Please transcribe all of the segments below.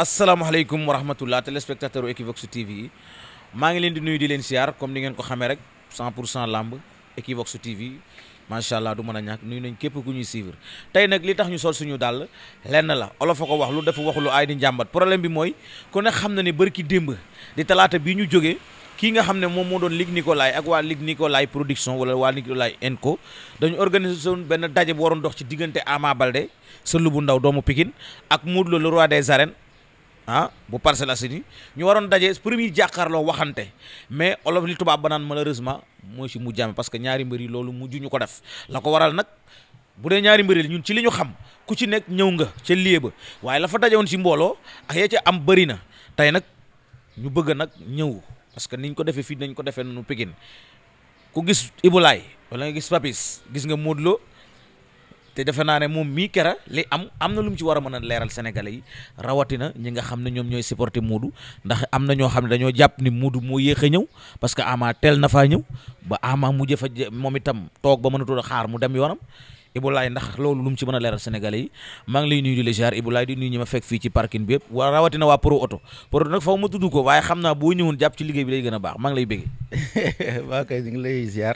asalaamaaleykum wa rahmatullah téléspectateur Equivox TV maa ngi leen di nuyu di leen siyaar comme ni ngeen ko xamee rek 100 pour cent làmb Equivox TV macha allah du mën a ñàkk nuyu nañ képp ku ñuy suivre tey nag li tax ñu sol suñu dàll lenn la olof a ko wax lu dafa wax lu aay di njàmbat problème bi mooy ku ne xam na ne bërki démb di talaata bii ñu jóge kii nga xam ne moom moo doon Luc Nicolaï ak waa Luc Nicolaï production wala waa Nicolaï Enco dañu organisé woon benn daje bu waroon dox ci diggante Ama Baldé sa bu ndaw doomu Pikine ak Modou Lo le ah bu Parcelles Assainies ñu waroon daje premier jàkkaarloo waxante mais olof li tubaab ba naan malheureusement moo ci mujjame parce que ñaari mbër yi loolu mujj ñu ko def la ko waral nag bu dee ñaari mbër yi ñun ci li ñu xam ku ci nekk ñëw nga ca lieu ba waaye la fa dajewoon ci mbooloo ak ya ca am bëri na tey nag ñu bëgg nag ñëw parce que niñ ko defee fii nañ ko defee noonu Pikine ku gis Ibou Laye nga gis Papis gis nga Modou te defe naa ne moom mii kera li am am na lu mu ci war a mën a leeral sénégalais yi rawatina ñi nga xam ne ñoom ñooy supporter muudu ndax am na ñoo xam ne dañoo jàpp ni muudu moo yéex a ñëw parce que Ama teel na faa ñëw ba Ama mujj fa moom itam toog ba mënatul a xaar mu dem yoonam Ibulaay ndax loolu lu mu ci mën a leeral sénégalais yi maa ngi lay nuyu di la ziar Ibulaay di nuyu ñi ma fekk fii ci parking bi yëpp waa rawatina waa pro oto pro nag faw ma tudd ko waaye xam naa boo ñëwoon jàpp ci liggéey lay gën baax maa ngi lay waa kay ngi lay ziar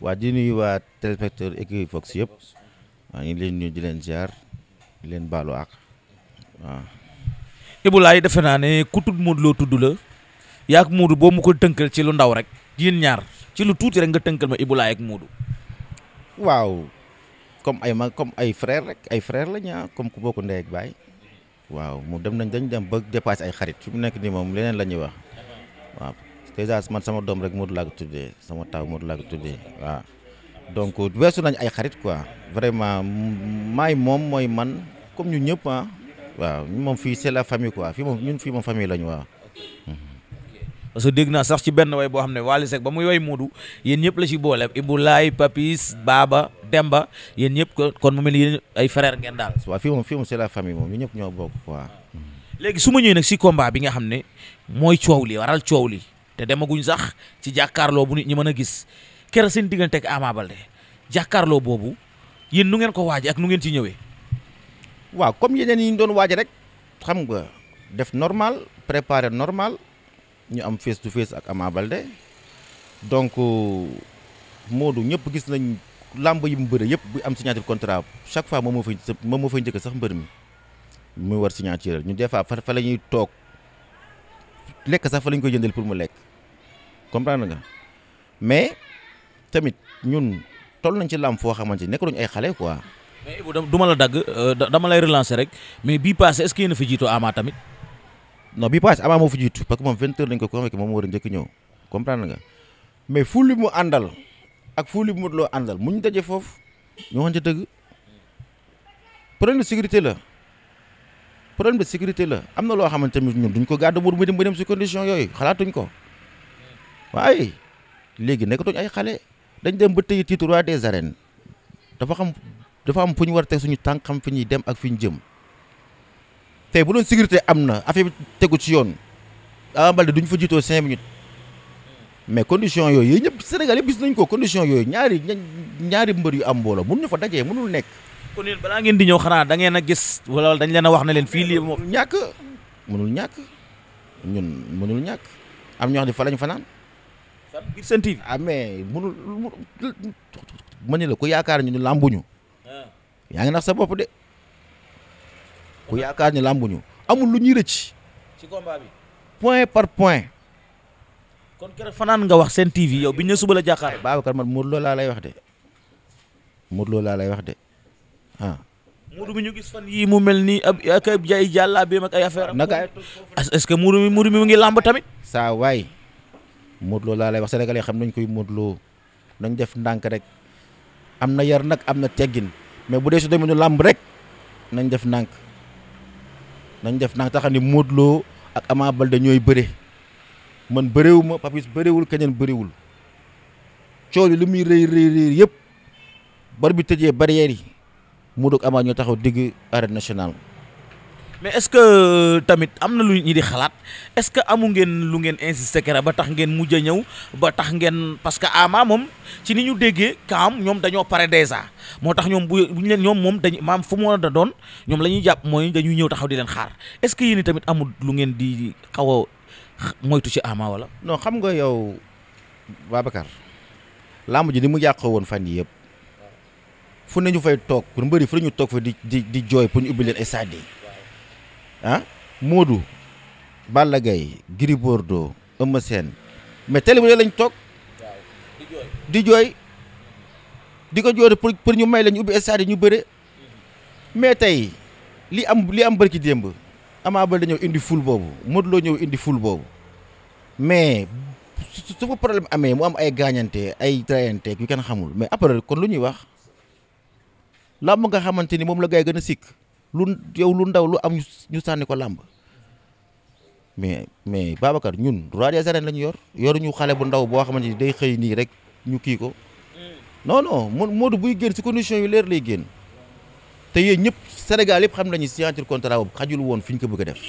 waa di nuyu waa téléspectateur Equivox yëpp waaw ñu leen ñu di leen ziar di leen baalu ak waaw. Ibou defe naa ne ku tudd Modou Lo tudd la yaa ak Modou boo mu ko tënkal ci lu ndaw rek yéen ñaar ci lu tuuti rek nga tënkal ma Ibou Laye ak Modou. waaw comme ay mag comme ay frère rek ay frère la ñaa ah, comme ku bokk ndey ak baay waaw moom dem nañ dañ dem ba dépassé ay xarit fi mu nekk nii moom leneen la ñuy wax waaw déjà man sama doom rek Modou laa ko tuddee sama taw Modou laa ko tuddee waaw. donc weesu nañ ay xarit quoi vraiment maay moom mooy man comme ñu ñëpp ah waaw moom fii c'est la famille quoi fii moom ñun fii moom famille lañu waaw. parce que dégg naa sax ci benn way boo xam ne Wally Seck ba muy way Moodu yéen ñëpp la ci boole Ibou Laye Papis Baba Demba yéen ñëpp kon mu mel ni ay frère ngeen daal. waaw fii moom la famille moom ñu ñëpp ñoo bokk quoi. léegi su ma ñëwee nag bi nga xam ne mooy coow li waral coow li te sax ci jàkkaarloo bu nit ñi mën a gis keroog seen diggante ak Ama Baldé jàkkaarloo boobu yéen nu ngeen ko waaje ak nu ngeen ci ñëwee. waaw comme yeneen yi ñu doon waaje rek xam nga def normal préparer normal ñu am face to face ak Ama Baldé donc euh, du ñëpp gis nañ lamb yi mu bëre yëpp bu am signature contrat chaque fois moom moo fay moom moo fay njëkk sax mbër mi muy war signature ñu des fois fa fa ñuy toog lekk sax fa la ñu koy jëndal pour mu lekk comprendre nga mais tamit ñun. toll nañ ci làmp foo xamante ni nekk nañu ay xale quoi. mais Ibou ma la dagg euh, dama lay relancer rek mais bii passé est-ce que yéen a fi jiitu Ama tamit. non bii passé Ama moo fi jiitu parce que moom 20 heures dañ ko ko xamee moom war a njëkk ñëw comprendre nga mais fuuli mu àndal ak fuuli mu loo àndal mu ñu dajee foofu ñu waxoon ci dëgg problème de sécurité la problème de sécurité la am na loo xamante ni ñun duñ ko gàddu mu dem ba dem si condition yooyu xalaatuñ ko waaye léegi nekkatuñ ay xale. dañ dem ba tey titre roi des arènes dafa xam dafa am fu ñu war a teg suñu tànk xam fi ñuy dem ak fi ñu jëm tey bu doon sécurité am na affaire bi tegu ci yoon a Baldé duñ fa jiitoo cinq mais condition yooyu ñëpp Sénégal yëpp nañ ko condition yooyu ñaari ñaari mbër yu am mbooloo ñu fa dajee mënul nekk. kon yéen balaa ngeen di ñëw xanaa da ngeen a gis wala dañ leen wax na leen fii lii moom. ñàkk mënul ñàkk ñun mënul ñàkk am ñoo xam ne fa fanaan. ngir seen TV ah mais munul ma ne la ko yaakaar ñu ñu làmbuñu ah. yaa ngi nax sa bopp de ku yaakaar ñu làmbuñu amul lu ñuy rëcc. ci combat point par point. kon keroog fanaan nga wax seen TV yow bi ñu ne suba la jàkkaar. Eh, Babacar man Modou Lo laa lay wax de Modou Lo lay wax de ah. Modou gis fan yii mu mel nii ab ak ay jàllaabeem ak ay affaire am. naka est-ce que Modou mi Modou mi mu ngi làmb tamit. saa waay. mootloo Lo laa lay wax sénégalais xam nañ koy Modou Lo nañ def ndànk rek am na yar nag am na teggin mais bu dee su demee nu làmb rek nañ def ndànk nañ def ndànk taxam ni ak Ama Baldé ñooy bëre man bërewu ma Papis bëriwul keneen bëriwul coow li lu muy rëy rëy rëy yëpp bar bi tëjee barrières yi Modou amaa Ama ñoo taxaw digg arène national mais est-ce que euh, tamit am na lu ñi di xalaat est-ce que amu ngeen lu ngeen insisté ba tax ngeen mujj a ñëw ba tax ngeen parce que ama moom ci ni ñu déggee kaam ñoom dañoo pare déjà moo tax ñoom bu ñu leen ñoom moom dañ maam fu mu da doon ñoom la jàpp mooy dañuy ñëw taxaw di leen xaar est-ce que yéen tamit amul lu ngeen di xaw a moytu ci ama wala. non xam nga yow Babacar làmb ji ni mu yàqoo woon fan yi yëpp fu ne ñu fay toog pour mbëri fu ñu toog fa di di di jooy pour ñu ubbi leen stade yi ah Modou Balla Gaye Gris Bordeaux Eumeu mais télé bi lañ toog di jooy di ko jooy pour pour ñu may la ñu ubbi stade ñu bëre mais tey li am li am bërki démb amaa Baldé ñëw indi ful boobu Modou ñëw indi ful boobu mais su fa problème amee mu am ay gaañante ay trayanteeg yu kenn xamul mais après kon lu ñuy wax làmb nga xamante ni moom la gay gën a sikk lu yow lu ndaw lu am ñu sànni ko làmb mais mais Babacar ñun roi des arènes la ñu yor ñu xale bu ndaw boo xamante ni day xëy nii rek ñu kii ko non non Modou buy génn si condition yu leer lay génn te yéen ñëpp Sénégal yëpp xam nañu signature contrat boobu xajul woon fi ñu ko bëgg a def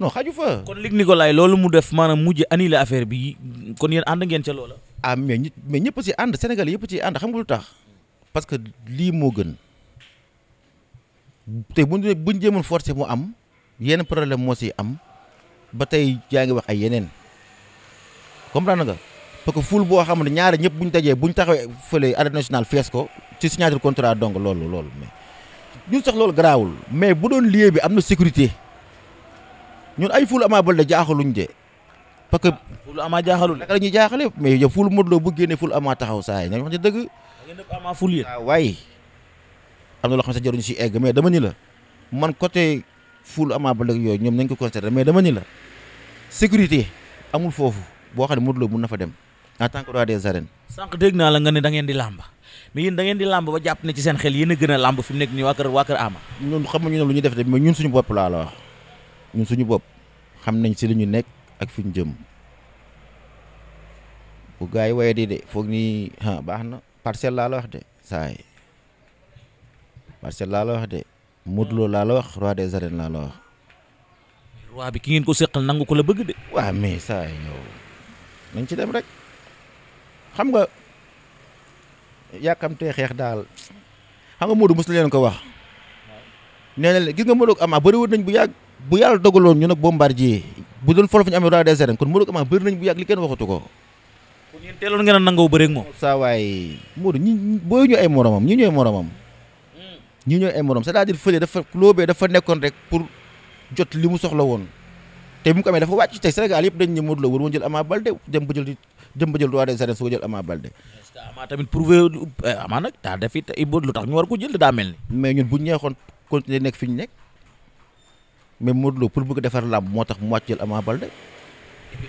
non xaju fa. kon Luc Nicolaï loolu mu def maanaam mujj annulé affaire bi kon yéen ànd ngeen ca loola. ah mais mais ñëpp ci ànd Sénégal yëpp ci ànd xam nga lu tax parce que lii moo gën. te bu ñu bu ñu mu am yenn problème moo si am ba tey yaa ngi wax ay yeneen comprendre nga parce que ful boo xam ne ñaar ñëpp bu ñu dajee bu ñu taxawee fële arène national fees ko ci signature contrat donc loolu loolu mais ñun sax loolu garaawul mais bu doon lieu bi am na sécurité ñun ay ful Ama Baldé jaaxaluñ de parce que. Ah, ful Ama jaaxalul naka la ñuy jaaxale mais yow ful Modou Lo bu taxaw saa yi nañ wax ci am na loo xam ne sax jaruñu si egg mais dama ni la man côté ful ba Baldé yooyu ñoom nañ ko constater mais dama ni la sécurité amul foofu boo xam ne Modou mun na fa dem en tant que roi des arènes. sànq dégg naa la nga ne dangeen ngeen di làmb mais yéen da ngeen di làmb ba jàpp ne ci seen xel yi a gën a làmb fi mu nekk nii waa kër waa ñun xam nga ne lu ñu def de mais ñun suñu bopp laa la wax ñun suñu bopp xam nañ si lu ñu nekk ak fu ñu jëm bu gars yi waye dii de foog nii ah baax na parcelle laa la wax de saa Parcelles laa la wax de Modou Lo laa la wax roi des laa la wax. roi bi ki ngeen ko seqal nangu ko la bëgg de. waaw mais saa yow ci dem rek xam nga yàkkamtee xeex daal xam nga Modou mos leen ko wax. nee na gis nga Modou ak Ama bëri woon nañ bu yàgg bu yàlla dogaloon ñu boom Bombardier bu doon folof ñu amee roi des kon Modou ak Ama nañ bu yàgg li kenn waxatu ko. kon yéen teeloon ngeen a nangoo bëreeg moom. saa waay Modou ñi booy ñu ay moromam ñi ñooy moromam. ñi ñooy ay morom c'est-à-dire fële dafa rek pour jot li mu soxla woon te mu ko dafa wàcc tey Sénégal yëpp dañ ne Modou woon jël Ama Baldé dem ba dem ba jël roi des arènes soo jël Ama Baldé. est-ce que Ama tamit prouvé eh, Ama nag lu tax ñu war ko jël daa mel ni. mais ñun bu ñu ñeexoon continuer nekk fi ñu nekk mais Modou pour bëgg defar làmb moo tax mu wàcc jël Ama Baldé.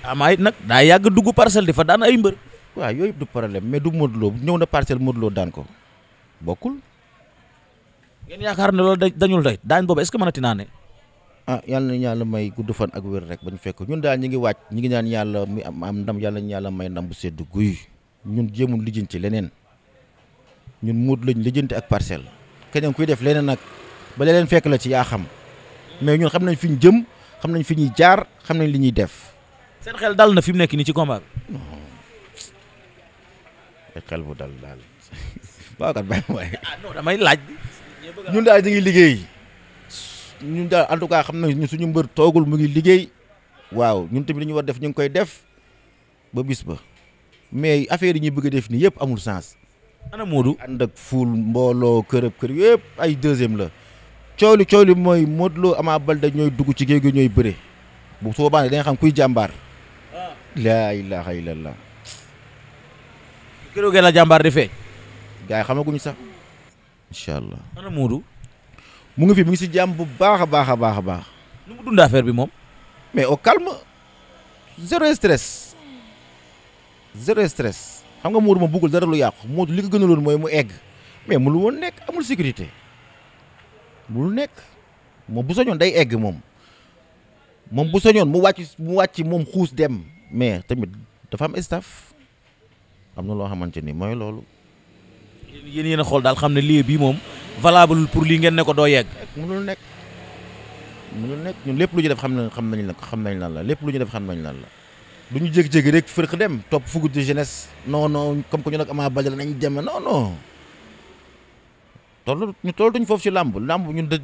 Ama it nag daa yàgg dugg parcelle di fa daan ay mbër. waaw yooyu yëpp du problème mais du Modou ñëw na parcelle Modou Lo daan ko bokkul. ngeen yaakaar ne loolu dañul doy daañu boobu est-ce que mënati naa ne. Ah, may gudd fan ak wér rek ba ñu fekk ñun daal ñu ngi wàcc ñu ngi naan yàlla mi am am ndam yàlla ñu yàlla may ndam bu sedd guy ñun jéemul lijjanti leneen ñun muut lañ lijjanti ak parcelle keneen kuy def leneen nag ba leneen fekk la ci yaa xam mais ñun xam nañ fi ñu jëm xam nañ fi ñuy jaar xam nañ li ñuy def. seen xel dal na fi mu nekk nii ci combat bi. bu dal daal ah, ñun daal ñu ngi liggéey ñun daal en tout cas xam nañ suñu mbër toogul mu ngi liggéey waaw ñun tamit li ñu war def ñu ngi koy def ba bis ba mais affaire yi ñuy bëgg def nii yëpp amul sens. ana Modou ànd ak fuul mbooloo kërëb kër yëpp ay deuxième la coow li coow mooy Modou Lo Ama Baldé ñooy dugg ci géej gi ñooy bëre bu su boobaa da nga xam kuy jàmbaar. Ah. laa ilaaha illallah. keroog la jàmbaar di feeñ. gars yi xamaguñ sax. incha allah ana Moodu. mu ngi fi mu ngi si jàmm bu baax a baax a baax a baax. nu mu dund affaire bi moom. mais au calme zéro stress zéro stress xam nga Moodu ma bëggul dara lu yàqu Moodu li ko gënaloon mooy mu egg mais mu lu woon nekk amul sécurité mu lu nekk moom bu soñoon day egg moom moom bu soñoon mu wàcc mu wàcc moom xuus dem mais tamit dafa am staf am na loo xamante ni mooy loolu. yéen yéen a xool daal xam ne lii bii moom valable pour lii ngeen ne ko doo yegg. mënul nekk mënul nekk ñun lépp lu ñu def xam nañ xam nañ la xam nañ lan la lépp lu ñu def xam nañ lan la. du ñu jékki-jékki rek fërq dem topp fugu de jeunesse non non comme que ñu nag Ama Baldé nañ dem non non. toll ñu toll duñ foofu ci làmb làmb ñun da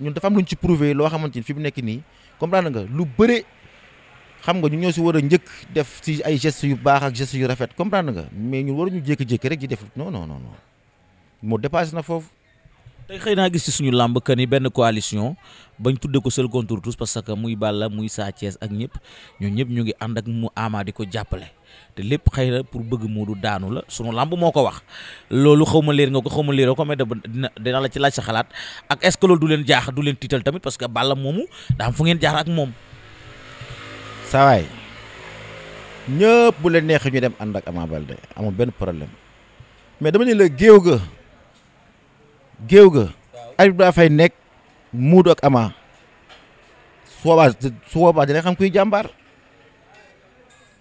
ñun dafa am lu ñu ci prouvé loo xamante ni fi mu nekk nii comprendre nga lu bëre. xam nga ñu ñoo si war a njëkk def si ay gestes yu baax ak gestes yu rafet comprendre nga mais ñun waruñu jékki-jékki rek ji def non non non moo dépassé na foofu. te xëy naa gis ci suñu làmb que ni benn coalition bañ tuddee ko seul contre tous parce que muy Balla muy Sa Thiès ak ñëpp ñoo ñëpp ñu ngi ànd ak mu Ama di ko jàppale te lépp xëy na pour bëgg Modou daanu la sunu làmb moo ko wax loolu xaw ma leer nga ko xaw ma leeroo ko mais dina dina la ci laaj sa xalaat ak est du leen jaax du leen tiital tamit parce que Balla moomu daa fu ngeen jaar ak sawaay ñëpp bu leen neex ñu dem ànd ak Ama Baldé amul benn problème mais dama ne la géew ga géew ga arbitre daa fay nekk muudu ak Ama su boobaa su boobaa dina xam kuy jàmbaar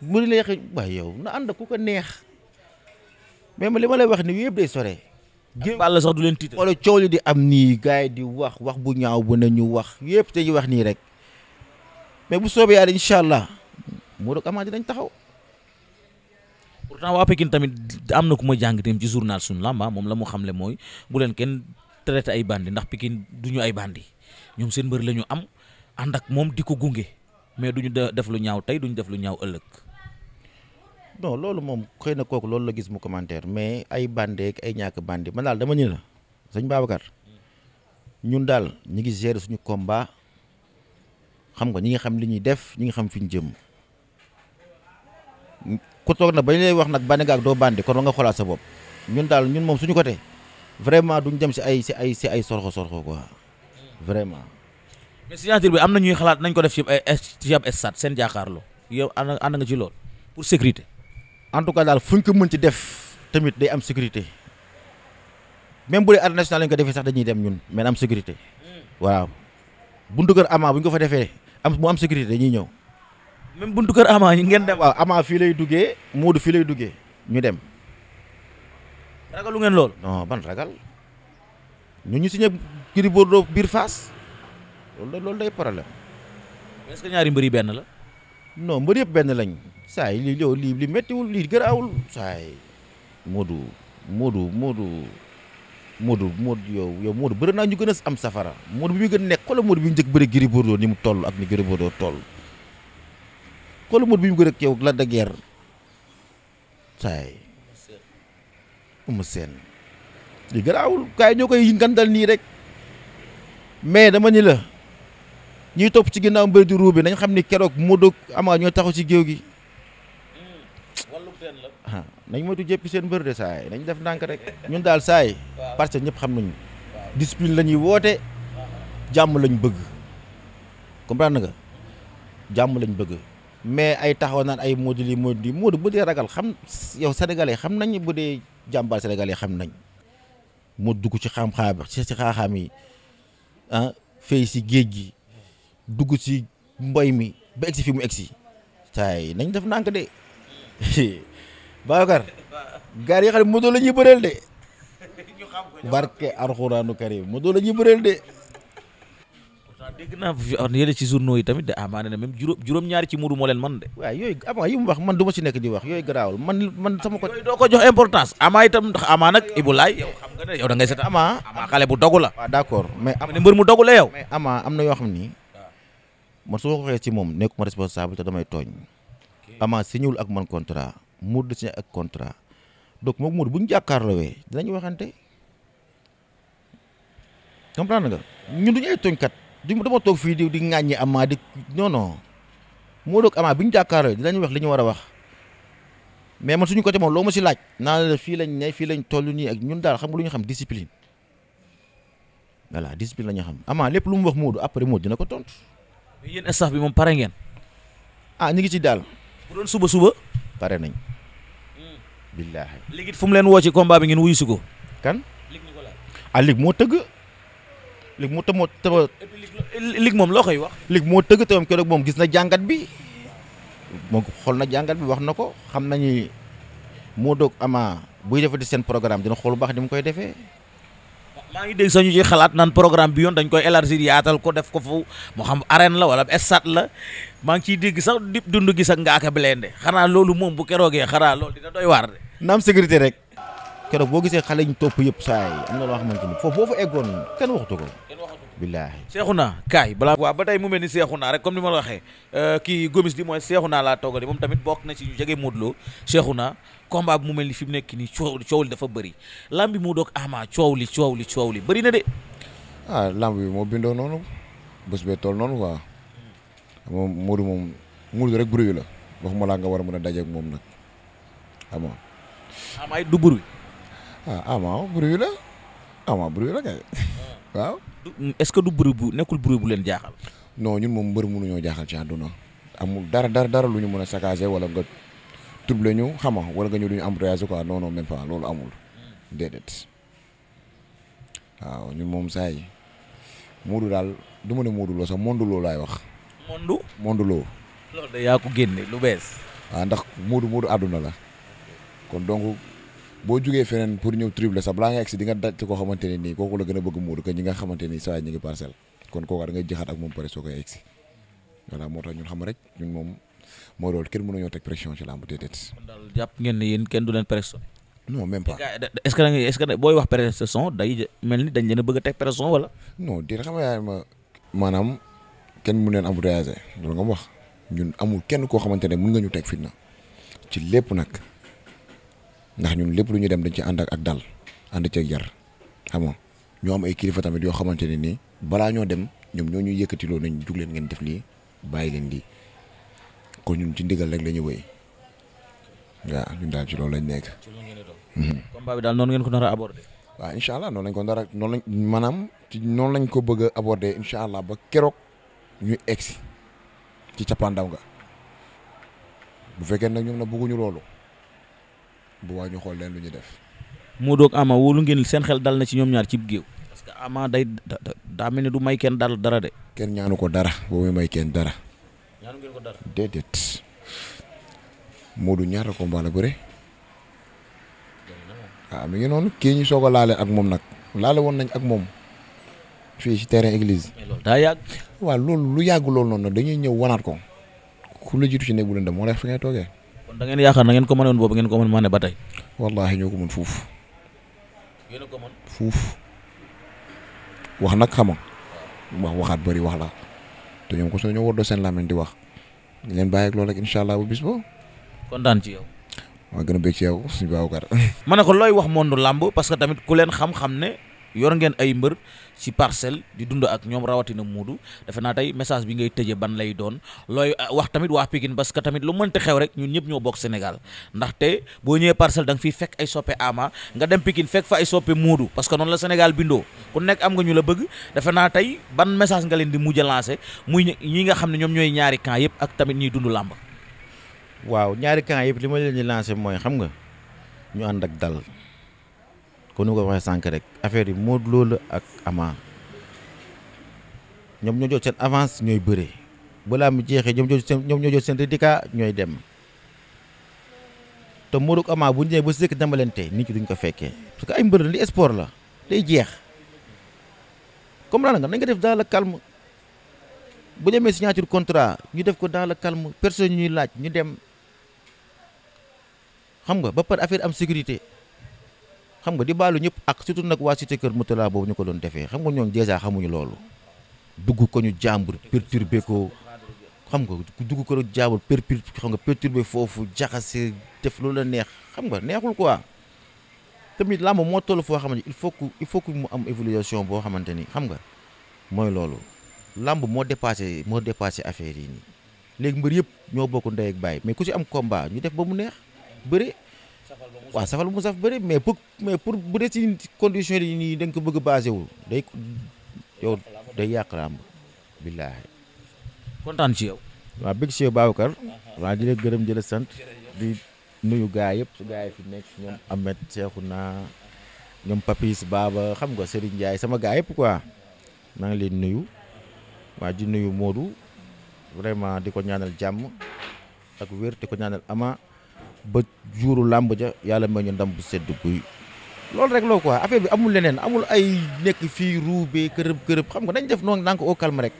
bu leen neexee waaye yow na ànd ku ko neex mais li ma la wax ni yëpp day sore Balla sax du leen tiit wala coow li di am nii gars yi di wax wax bu ñaaw bu ne ñu wax yëpp te ñu wax nii rek mais bu soobee yàlla incha allah Modou ak Ama dañ taxaw. pourtant waa Pikine tamit am na ku ma jàng ci journal suñu lamba moom la mu xamle mooy bu leen kenn traité ay bandi ndax Pikine du ñu ay bandi ñoom seen mbër la am ànd ak moom di ko gunge mais du ñu def lu ñaaw tey du def lu ñaaw ëllëg. non loolu moom xëy na kooku loolu la gis mu commentaire mais ay bandé ak ñàkk bandi man daal dama ñu la sëñ Babacar ñun daal ñu ngi gérer suñu combat xam nga ñi nga xam li ñuy def ñu nga xam fi ñu jëm ku toog na ba ñu lay wax nag bandi nga doo bandi kon nga xoolaat sa bopp ñun daal ñun moom suñu côté vraiment duñ dem si ay si ay si ay sorxo sorxo quoi vraiment. mais signature bi am na ñuy xalaat nañ ko def ci ay ci seen jàkkaarloo yow ànd ànd nga ci lool pour sécurité. en tout cas daal fuñ ko mën ci def tamit day am sécurité même bu dee arène nationale lañ ko defee sax dañuy dem ñun mais am sécurité hmm. waaw buntu kër Ama bu ñu ko fa defee am mu am sécurité ñuy ñëw. même buntu kër Ama ñu ngeen dem. waaw Ama fii lay duggee Moodu fii lay duggee ñu dem. ragalu ngeen lool. non ban ragal ñu ñu signé Gris Bordeaux biir Fass loolu loolu day problème. est-ce que ñaari mbër yi benn la. non mbër yëpp benn lañ. saa yi lii li li méttiwul lii gëraawul saa yi Moodu Moodu Moodu. Modou Modou yow yow Modou bëri naa ñu gën a am safara Modou bi muy gën nekk xoolal Modou bi mu njëkk bëri Gris Bordeaux ni mu tollu ak ni Gris Bordeaux toll xoolal Modou bi mu gën ak yow la da guerre saay uma seen li garaawul kaay ñoo koy ngandal nii rek mais dama ni la ñuy topp ci ginnaaw mbëri di ruube nañ xam ni keroog Modou Ama ñoo taxaw ci géew gi Ah, nañ moytu jëpp seen mbër de saay nañ def ndànk rek ñun daal saay parce que ñëpp xam nañu discipline la ñuy woote jàmm lañu bëgg comprendre nga jàmm lañ bëgg mais ay taxaw naan ay Modou lii Modou lii Modou bu dee ragal xam yow sénégalais xam nañ bu dee jàmbaar sénégalais xam nañ moo dugg ci xam-xam ci ci yi ah, fay si géej gi dugg si mboy mi ba egsi fi mu egsi saay nañ def ndànk de Babacar gaar yi xam ne moto la ñuy bëreel de barke arxuraanu karim moto la ñuy bëreel de. pourtant dégg naa yéen ci yi tamit de ah maa ne même juróom-ñaari ci mudu moo leen man de. waaw yooyu ah, mu wax man du ma ci nekk di wax yooyu garaawul man man sama ko. yooyu ko jox importance Ama itam ndax Ama nag Ibulaay yow xam yow da ngay seet Ama xale bu dogu la. waaw ah, d'accord mais Ama ne mbër mu dogu la yow. am na yoo xam ni man su ma ko waxee ci moom nekkuma responsable te damay tooñ. si ñuul ak man contrat. Modou si ak contrat donc moom Modou bu ñu jàkkaarloowee dinañ waxante comprendre nga ñun duñu ay tooñkat di dama toog fii di di ŋàññi Ama di non non Modou ak Ama bi ñu jàkkaarloowee dinañu wax li ñu war a wax mais man suñu côté moom loo ma si laaj naa fii lañ ne fii lañ toll nii ak ñun daal xam nga lu ñu xam discipline voilà discipline la ñu xam Ama lépp lu mu wax Modou après Modou dina ko tontu. mais yéen staff bi moom pare ngeen. ah ñu ngi ci daal. bu suba suba. pare nañ. Hmm. billaahi. léegi fu mu leen woo ci combat bi ngeen wuyu si ko. kan. ah lig moo tëgg. lig moo tëmoo moom loo koy wax. lig moo tëgg te moom keroog moom gis na jàngat bi moom xool na jàngat bi wax na ko xam nañu moo doog ama buy defati seen programme dina xool bu baax ni mu koy defee. maa ngi dégg sañu ci xalaat nan programme bi yoon dañ koy élargir yaatal ko def ko fu moo xam arène la wala stade la maa ngi ciy dégg sax dip dund gis ak ngaaka blende xanaa loolu moom bu keroogee xanaa loolu dina doy waar de. naam sécurité rek. keroog boo gisee xale ñu topp yëpp saa yi wax na loo xamante ni foofu boo fa eggoon kenn waxtu ko. billaahi Seexuna kaay balaa waaw ba tey mu mel ni naa rek comme ni ma la waxee euh, kii Gomis di mooy Seexuna laa toogal moom tamit bokk na ci ñu jege Modou Lo Seexuna combat bu mu mel ni fi mu nekk nii coow coow li dafa bëri lamb bi moo doog ama coow li coow li coow li bëri na de ah lamb bi moo bindoo noonu bés bee tool noonu quoi moom Modou moom rek bruit la waxuma laa nga war a mën a dajeek moom nag ama ama it ah, la ama bruit la kay ah. waaw est-ce que du bëri bu nekkul bëri bu leen jaaxal. non ñun moom mbër mënuñoo jaaxal ci àdduna amul dara dara dara lu ñu mën a saccager wala nga trouble ñu xama wala nga ñëw du ñu embouteillage ko non non même waaw ñun moom saa yi Modou daal du ma ne Modou Lo sax Modou Lo laay wax. Modou Modou Lo. loolu yaa ko génne lu bees. waaw ah, ndax Modou Modou àdduna la kon donc. boo jugee feneen pour ñëw triple sax balaa nga egsi di nga daj koo xamante ne nii kooku la gën a bëgg muudu que ñi nga xamante ni saa ñi rek ñun moo loolu kenn mënuñoo teg pression ci làmb déedéet. kon daal jàpp ngeen ne yéen kenn du leen nga est wax a bëgg a maanaam kenn mënu leen embouteillage loolu nga wax ñun amul kenn koo xamante ne mën nga ñu teg fitna ci lépp nag ndax ñun lépp lu ñu dem dañ ci ànd ak dal ànd ceeg yar xam nga ñoo am ay tamit yoo xamante ne nii balaa ñoo dem ñoom ñoo ñu yëkkatiloo nañ jug leen ngeen def lii bàyyi leen lii ko ñun ci ndigal rek la ñu wéy waaw ñun daal ci loolu lañ nekk. ci loolu ngeen mhm. bi daal noonu ngeen ko nar a aborder. waaw incha allah ko nar a maanaam ci noonu lañ ko bëgg a incha allah ba keroog ñu egsi ci cappaandaw ga bu fekkee nag ñoom na bëgguñu loolu. bu waa ñu xool leen lu ñu def. Modou ak Ama wóolu ngeen seen xel dal na ci ñoom ñaar cib géew. parce que Ama day daa mel ni du may kenn dal dara de. kenn ñaanu ko dara boo may kenn dara. ñaanu ngeen ko dara déedéet Modou ñaata combat la bëre. waaw ah, mi ngi noonu kii ñu soog laale ak moom nag laale woon nañ ak moom fii ci terrain église. daa yàgg. waaw loolu lu yàgg loolu noonu dañuy ñëw wanaat ko ku la jiitu ci néeg bu lëndëm moo lay fi ngay toogee. kon da ngeen yaakaar na ngeen ko mënoon boobu ngeen ko mën maa ba tey. wallaahi ñoo ko mën fuuf. a ko mën fuuf. wax nag xama wax waxaat bëri wax la te ñoom ko soo ñoo woddoo seen làmmiñ di wax ñu leen bàyyi ak loolu rek incha allah bu bis ba. kontaan ci yow. maa gën a bëgg ci yow suñu ko looy wax monde làmb parce que tamit ku leen xam-xam ne. yor ngeen ay mbër ci parcelle di dund ak ñoom rawatina muudu defe naa tey message bi ngay tëjee ban lay doon looy ah, wax tamit waa Pikine parce que tamit lu mënti xew rek ñun ñëpp ñoo bokk Sénégal ndaxte boo ñëwee parcelle da nga fekk ay soppe ama nga dem pikin fekk fa ay soppe muudu parce que noonu la Sénégal bindoo ku nekk am nga ñu la bëgg defe naa tey ban message nga leen di mujj a lancé muy ñi nga xam ne ñoom ñooy ñaari camp yëpp ak tamit ñuy dund làmb waaw ñaari camp yëpp li ma leen di mooy xam nga ñu ànd ak dal kon nu ko waxee sànq rek affaire yi Modou Lo la ak Ama ñoom ñoo jot seen avance ñooy bëree balaa mu jeexee ñoom ñoo jot ñoom ñoo jot seen rédica ñooy dem te Modou ak Ama bu ñu ñëwee ba sëkk dembalante nit ñi duñ ko fekkee parce que ay mbër li sport la day jeex comme daanaka nañ ko def dans le calme bu demee signature contrat ñu def ko dans le calme persone ñuy laaj ñu dem xam nga ba pare affaire am sécurité. xam nga di baalu ñëpp ak surtout nag waa cité kër Moutala boobu ñu ko doon defee xam nga ñoom dèjà xamuñu loolu dugg ko ñu jàmbur perturbé ko xam nga dugg ko ñu jàmbur pertur foofu jaxase def lu la neex xam nga neexul quoi tamit làmb moo toll foo xamante il faut que il mu am évaluation boo xamante ni xam nga mooy loolu làmb moo dépassé moo dépassé affaire yi nii léegi mbër yëpp ñoo bokk ndey baay mais ku ci am combat ñu def ba mu neex bëre. waa safal mu saf bëri mais pour mais pour bu dee ci condition yi nii da ko bëgg a basé wu day yow yàq làmb billaahi kontaan ci yow waaw bëgg ci yow Babacar waaw di la gërëm di sant di nuyu gaa yëpp su gaa yi fi nekk ñoom Ahmed Cheikhouna ñoom si Baba xam nga Serigne Ndiaye sama gaa yëpp quoi maa ngi leen nuyu waa di nuyu Modou vraiment di ko ñaanal jàmm ak wér di ko ñaanal ama ba juru làmb ja yàlla may ñu ndam bu sedd guy loolu rek loo quoi affaire bi amul leneen amul ay nekk fii ruubee kërëb kërëb xam nga dañ def noonu naa ko au calme rek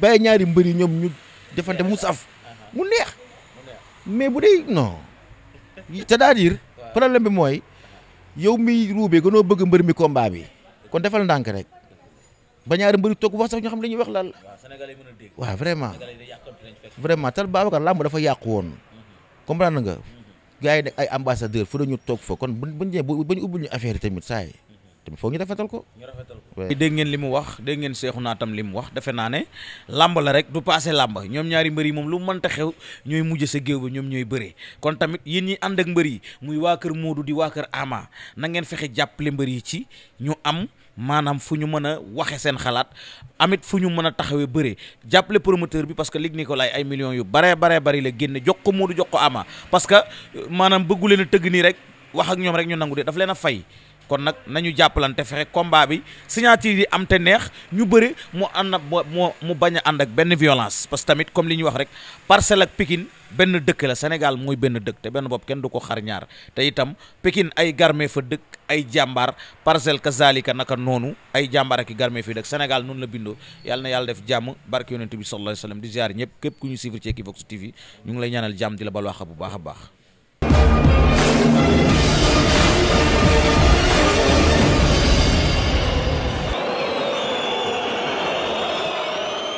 bàyyi ñaari mbëri ñoom ñu defante mu saf mu neex mais bu dee non c'est-à-dire problème bi mooy yow miy ruubee gënoo bëgg mbër mi combat bi kon defal ndànk rek ba ñaari mbëri toog wax sax ñu xam li ñuy wax lan la waaw vraiment vraiment tal Babacar làmb dafa yàqu woon mm-hmm. comprendre nga gars yi nag ay ambassadeur fu dañu toog fa kon buñ buñ jee bañu ubbul ñu affaire yi tamit saay tamit foog ñu rafetal ko ko dégg ngeen li mu wax dégg ngeen seexu naa tam li mu wax defe naa ne làmb la rek du passé làmb ñoom ñaari mbër yi moom lu mu mënta xew ñooy mujj sa géew ba ñoom ñooy bëree kon tamit yéen ñi ànd ak mbër yi muy waa kër Modou di waa kër Ama na ngeen fexe jàppale mbër yi ci ñu am maanaam fu ñu mën a waxe seen xalaat amit fu ñu mën a taxawee bëree jàppale promoteur bi parce que ko Nicolaï ay million yu baree baree bari la génne jox ko Modou jox ko Ama parce que maanaam bëgguleen a tëgg nii rek wax ak ñoom rek ñu nangu de daf leen a fay kon nag nañu jàppalante fexe combat bi signature yi am te neex ñu bëri mu ànd ak moo mu bañ a ànd ak benn violence parce que tamit comme li ñuy wax rek Parcelles ak Pikine benn dëkk la Sénégal mooy benn dëkk te benn bopp kenn du ko xar ñaar te itam Pikine ay garme fa dëkk ay jàmbaar Parcelles kazalika naka noonu ay jàmbaar ak i garme fi dëkk Sénégal noonu la bindoo yàlla na yàlla def jàmm barke yonent bi sallallahu alayhi wa sallam di ziar ñëpp képp ku ñu suivre ci Equivox TV ñu ngi lay ñaanal jàmm di la balwaaxa bu baax a baax